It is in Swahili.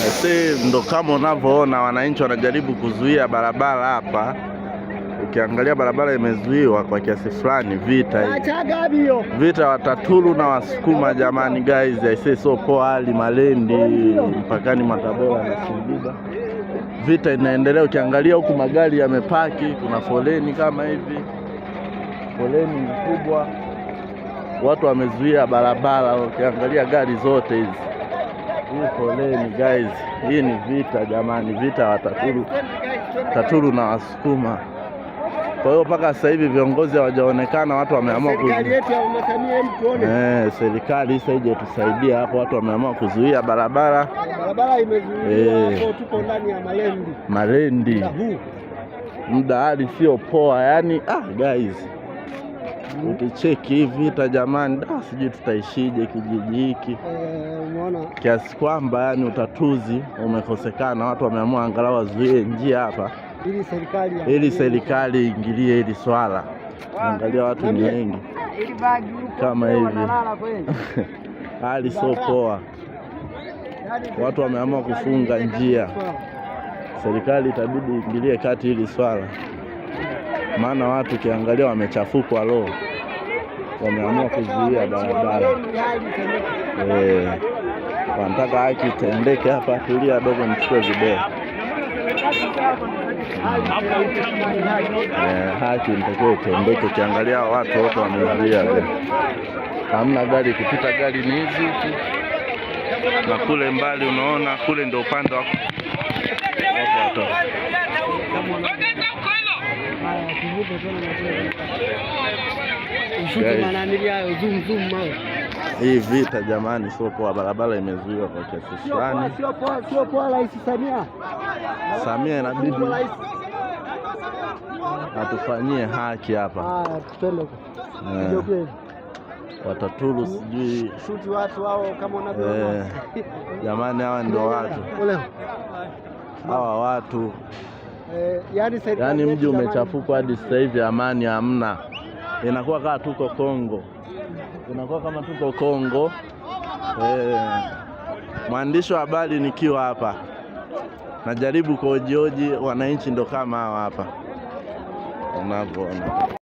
Si ndo kama unavyoona wananchi wanajaribu kuzuia barabara hapa. Ukiangalia barabara imezuiwa kwa kiasi fulani, vita vita wataturu na wasukuma. Jamani guys, aisee, so poa hali Malindi mpakani mwa Tabora na Singida, vita inaendelea. Ukiangalia huku magari yamepaki, kuna foleni kama hivi, foleni kubwa, watu wamezuia barabara. Ukiangalia gari zote hizi hii poleni guys, hii ni vita jamani, vita wa Taturu, Taturu na Wasukuma. Kwa hiyo mpaka sasa hivi viongozi hawajaonekana, watu wameamua eh, serikali sasa saije tusaidia hapo. Watu wameamua kuzuia barabara, barabara imezuiwa eh. hapo, tupo ndani ya malendi, malendi muda hadi sio poa yani. Ah, guys mm. ukicheki hii vita jamani, da ah, sijui tutaishije kijiji hiki eh, umeona kiasi kwamba yani utatuzi umekosekana, watu wameamua angalau wazuie njia hapa ili serikali iingilie hili swala. Angalia watu ni wengi eh, kama hivi, hali sio poa. Yaani watu wameamua kufunga njia, serikali itabidi iingilie kati hili swala, maana watu ukiangalia wamechafukwa roho, wameamua kuzuia barabara yaani eh wanataka haki itendeke hapa. Tulia dogo, nichukue video. Eh, haki nitakiwa itendeke, ukiangalia watu wote wamelalia, hamna gari kupita, gari ni hizi na kule mbali, unaona kule ndio upande wa hii vita jamani, sio poa. Barabara imezuiwa kwa kiasi fulani, sio poa. Rais Samia Samia inabidi atufanyie haki hapa, eh. wataturu sijui shuti watu hao, kama unavyoona eh. jamani, hawa ndio watu hawa watu eh, yani, yani mji umechafuka hadi sasa hivi amani hamna, inakuwa kaa tuko Kongo tunakuwa kama tuko Kongo. eh, mwandishi wa habari nikiwa hapa najaribu kuojioji wananchi, ndo kama hawa hapa unavyoona.